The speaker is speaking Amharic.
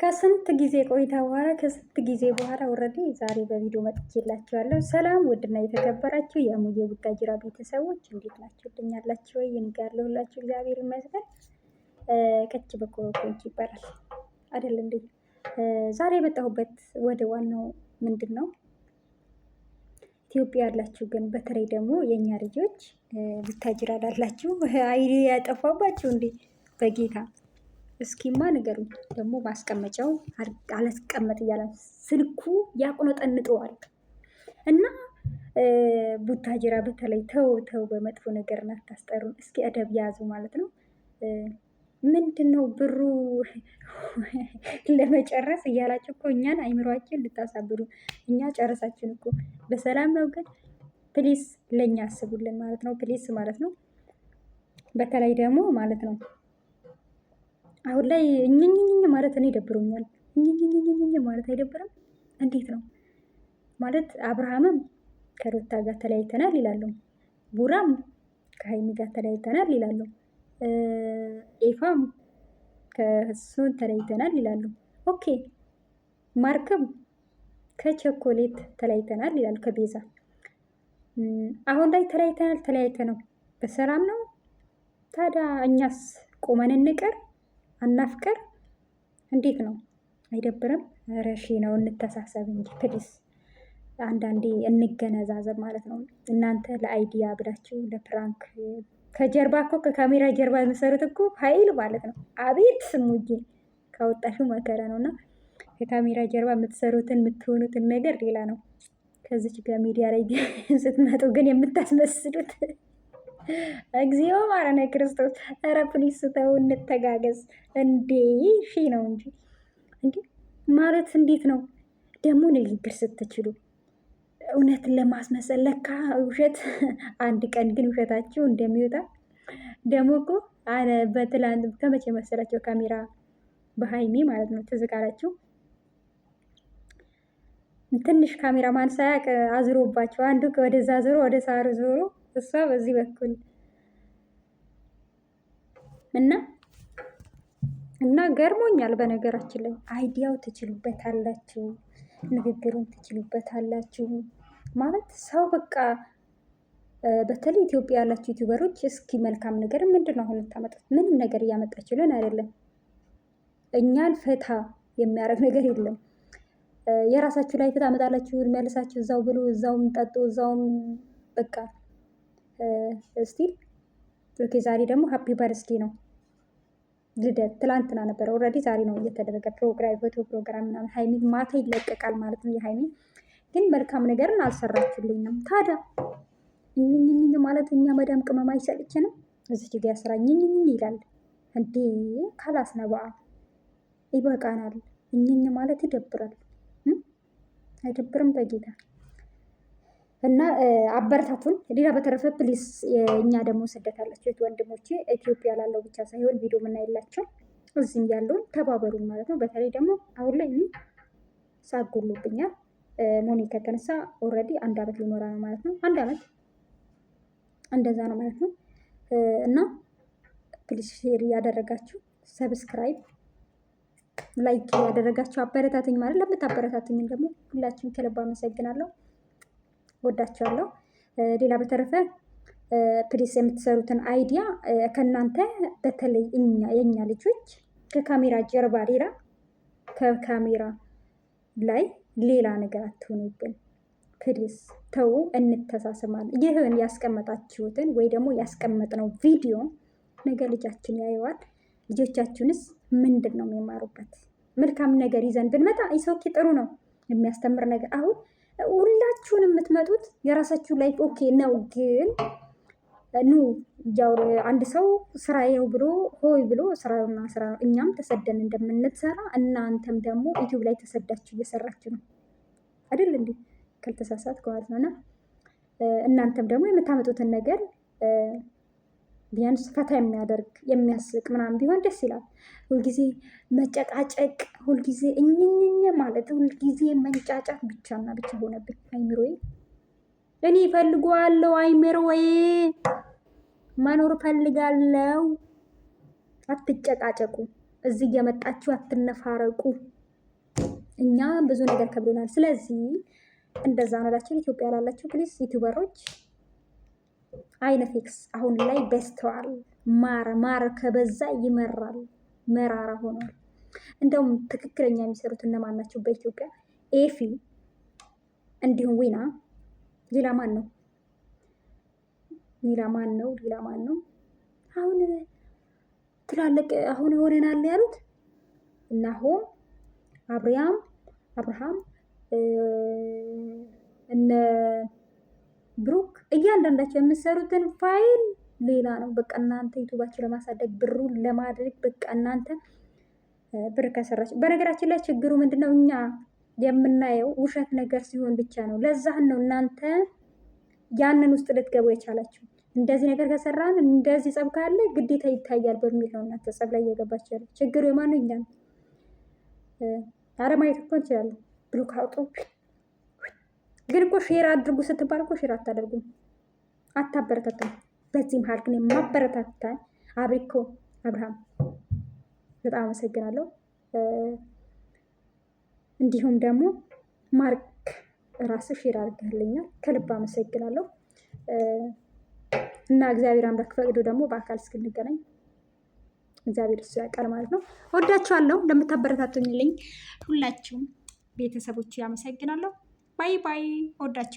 ከስንት ጊዜ ቆይታ በኋላ ከስንት ጊዜ በኋላ ወረዴ ዛሬ በቪዲዮ መጥቼላችኋለሁ። ሰላም ውድና የተከበራችሁ የሙዬ ቡታጅራ ቤተሰቦች እንዴት ናቸው? ድኛላችሁ ወይ? ይንጋለሁላችሁ እግዚአብሔር ይመስገን። ከች በኮ ኮንች ይባላል አይደል እንዴ? ዛሬ የመጣሁበት ወደ ዋናው ምንድን ነው ኢትዮጵያ ያላችሁ ግን በተለይ ደግሞ የእኛ ልጆች ቡታጅራ ላላችሁ አይዲ ያጠፋባችሁ እንዴ በጌታ እስኪማ ነገሩ ደግሞ ማስቀመጫው አላስቀመጥ እያለ ስልኩ ያቁነጠንጠዋል። እና ቡታጅራ በተለይ ተው ተው፣ በመጥፎ ነገር እናታስጠሩን። እስኪ አደብ ያዙ ማለት ነው። ምንድን ነው ብሩ ለመጨረስ እያላችሁ እኮ እኛን አይምሯችን ልታሳብዱ፣ እኛ ጨረሳችን እኮ በሰላም ነው። ግን ፕሊስ ለእኛ አስቡልን ማለት ነው። ፕሊስ ማለት ነው። በተለይ ደግሞ ማለት ነው አሁን ላይ እኝኝኝኝ ማለት እኔ ደብሮኛል። እኝኝኝኝኝ ማለት አይደብርም? እንዴት ነው ማለት አብርሃምም ከሩታ ጋር ተለያይተናል ይላሉ ቡራም ከሀይሚ ጋር ተለያይተናል ይላሉ ኤፋም ከሱን ተለያይተናል ይላሉ። ኦኬ ማርክም ከቸኮሌት ተለያይተናል ይላሉ፣ ከቤዛ አሁን ላይ ተለያይተናል። ተለያይተ ነው በሰላም ነው ታዲያ እኛስ ቆመን እንቀር? አናፍቀር እንዴት ነው? አይደብርም? ረሺ ነው። እንተሳሰብ እንጂ ፕሊስ። አንዳንዴ እንገነዛዘብ ማለት ነው። እናንተ ለአይዲያ ብላችሁ ለፕራንክ ከጀርባ እኮ ከካሜራ ጀርባ የምሰሩት እኮ ኃይል ማለት ነው። አቤት ስሙዬ ካወጣሹ መከራ ነው። እና ከካሜራ ጀርባ የምትሰሩትን የምትሆኑትን ነገር ሌላ ነው። ከዚች ጋር ሚዲያ ላይ ስትመጡ ግን የምታስመስሉት እግዚኦ ማረነ ክርስቶስ። ኧረ ፕሊስ ተው እንተጋገዝ እንዴ! ሺ ነው እንጂ እንዴ ማለት እንዴት ነው ደግሞ ንግግር ስትችሉ እውነትን ለማስመሰል ለካ ውሸት አንድ ቀን ግን ውሸታችሁ እንደሚወጣ ደግሞ እኮ በትላንት ከመቼ መሰላቸው ካሜራ በሀይሜ ማለት ነው ትዝ ትንሽ ካሜራ ማን ሳያቅ አዝሮባቸው አንዱ ወደዛ ዞሮ ወደ ሳሩ ዞሮ እሷ በዚህ በኩል እና እና ገርሞኛል። በነገራችን ላይ አይዲያው ትችሉበታላችሁ፣ ንግግሩን ትችሉበታላችሁ ማለት ሰው በቃ በተለይ ኢትዮጵያ ያላችሁ ዩቲዩበሮች እስኪ መልካም ነገር ምንድን ነው አሁን የምታመጡት? ምንም ነገር እያመጣችሁልን አይደለም። እኛን ፈታ የሚያደርግ ነገር የለም። የራሳችሁ ላይ ፈታ አመጣላችሁ፣ መልሳችሁ እዛው ብሉ፣ እዛውም ጠጡ፣ እዛውም በቃ ስቲል ብሩኬ ዛሬ ደግሞ ሀፒ በርስዴ ነው ልደት ትላንትና ነበረ። ኦልሬዲ ዛሬ ነው እየተደረገ ፕሮግራም የፎቶ ፕሮግራም ምናምን። ሀይሚ ማታ ይለቀቃል ማለት ነው። የሀይሚ ግን መልካም ነገርን አልሰራችሁልኝም። ታዲያ እኝኝኝ ማለት እኛ መዳም ቅመም አይሰልችንም። እዚህ ጋ ስራ እኝኝኝ ይላል እንዴ! ካላስ ነው ይበቃናል። እኝኝ ማለት ይደብራል። አይደብርም በጌታ እና አበረታቱን። ሌላ በተረፈ ፕሊስ እኛ ደግሞ ስደት አላቸው ወንድሞቼ ኢትዮጵያ ላለው ብቻ ሳይሆን ቪዲዮ የምናይላቸው እዚህም ያለውን ተባበሩን ማለት ነው። በተለይ ደግሞ አሁን ላይ ሳጉሉብኛል ሞኒ ከተነሳ ኦልሬዲ አንድ አመት ሊኖራ ነው ማለት ነው። አንድ አመት እንደዛ ነው ማለት ነው። እና ፕሊስ ሼር ያደረጋችሁ ሰብስክራይብ ላይክ ያደረጋችሁ አበረታትኝ ማለት ለምታበረታትኝም ደግሞ ሁላችሁም ከልብ አመሰግናለሁ። ወዳቸዋለሁ። ሌላ በተረፈ ፕሊስ የምትሰሩትን አይዲያ ከእናንተ በተለይ እኛ የእኛ ልጆች ከካሜራ ጀርባ ሌላ ከካሜራ ላይ ሌላ ነገር አትሆኑብን። ፕሊስ ተዉ፣ እንተሳሰማል። ይህን ያስቀመጣችሁትን ወይ ደግሞ ያስቀመጥነው ቪዲዮ ነገ ልጃችን ያየዋል። ልጆቻችሁንስ ምንድን ነው የሚማሩበት? መልካም ነገር ይዘን ብንመጣ ይሰውኬ ጥሩ ነው የሚያስተምር ነገር አሁን ሁላችሁን የምትመጡት የራሳችሁ ላይፍ ኦኬ ነው፣ ግን ኑ አንድ ሰው ስራ ነው ብሎ ሆይ ብሎ ስራና ስራ ነው። እኛም ተሰደን እንደምንሰራ እናንተም ደግሞ ዩቲዩብ ላይ ተሰዳችሁ እየሰራችሁ ነው አይደል? እንዲ ካልተሳሳት ከዋል ነውና እናንተም ደግሞ የምታመጡትን ነገር ቢያንስ ፈታ የሚያደርግ የሚያስቅ ምናምን ቢሆን ደስ ይላል። ሁልጊዜ መጨቃጨቅ፣ ሁልጊዜ እኝኝኝ ማለት፣ ሁልጊዜ መንጫጫት ብቻና ብቻ ሆነብኝ አይምሮዬ። እኔ እፈልገዋለሁ አይምሮዬ፣ መኖር እፈልጋለሁ። አትጨቃጨቁ፣ እዚህ እየመጣችሁ አትነፋረቁ። እኛ ብዙ ነገር ከብሎናል። ስለዚህ እንደዛ ነላቸው። ኢትዮጵያ ላላቸው ፕሊስ ዩቱበሮች አይነቴክስ አሁን ላይ በስተዋል። ማር ማር ከበዛ ይመራል፣ መራራ ሆኗል። እንደውም ትክክለኛ የሚሰሩት እነማን ናቸው? በኢትዮጵያ ኤፊ እንዲሁም ዊና። ሌላ ማን ነው? ሌላ ማን ነው? ሌላ ማን ነው? አሁን ትላለቅ አሁን የሆነናል ያሉት እና አብርያም አብርሃም እያንዳንዳቸው የምሰሩትን ፋይል ሌላ ነው። በቃ እናንተ ዩቱባችሁ ለማሳደግ ብሩን ለማድረግ በቃ እናንተ ብር ከሰራችሁ። በነገራችን ላይ ችግሩ ምንድነው? እኛ የምናየው ውሸት ነገር ሲሆን ብቻ ነው። ለዛህን ነው እናንተ ያንን ውስጥ ልትገቡ የቻላችሁ። እንደዚህ ነገር ከሰራን እንደዚህ ጸብ ካለ ግዴታ ይታያል በሚል ነው እናንተ ጸብ ላይ እየገባችሁ ያለ። ችግሩ የማን ነው? እኛ አረማየት እኮ እንችላለን። ብሎክ አውጡ ግን እኮ ሼር አድርጉ ስትባል እኮ ሼር አታደርጉም፣ አታበረታታም። በዚህ መሀል ግን የማበረታታ አብሪኮ አብርሃም በጣም አመሰግናለሁ። እንዲሁም ደግሞ ማርክ ራስ ሼር አድርግልኛል፣ ከልብ አመሰግናለሁ። እና እግዚአብሔር አምላክ ፈቅዶ ደግሞ በአካል እስክንገናኝ እግዚአብሔር እሱ ያውቃል ማለት ነው። ወዳችኋለሁ። እንደምታበረታቱኝልኝ ሁላችሁም ቤተሰቦች ያመሰግናለሁ። bye bye ഒഡാച്ചു